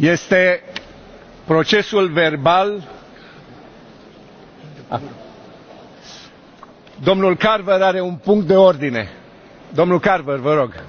este procesul verbal ah. domnul carver are un punct de ordine domnul carver vă rog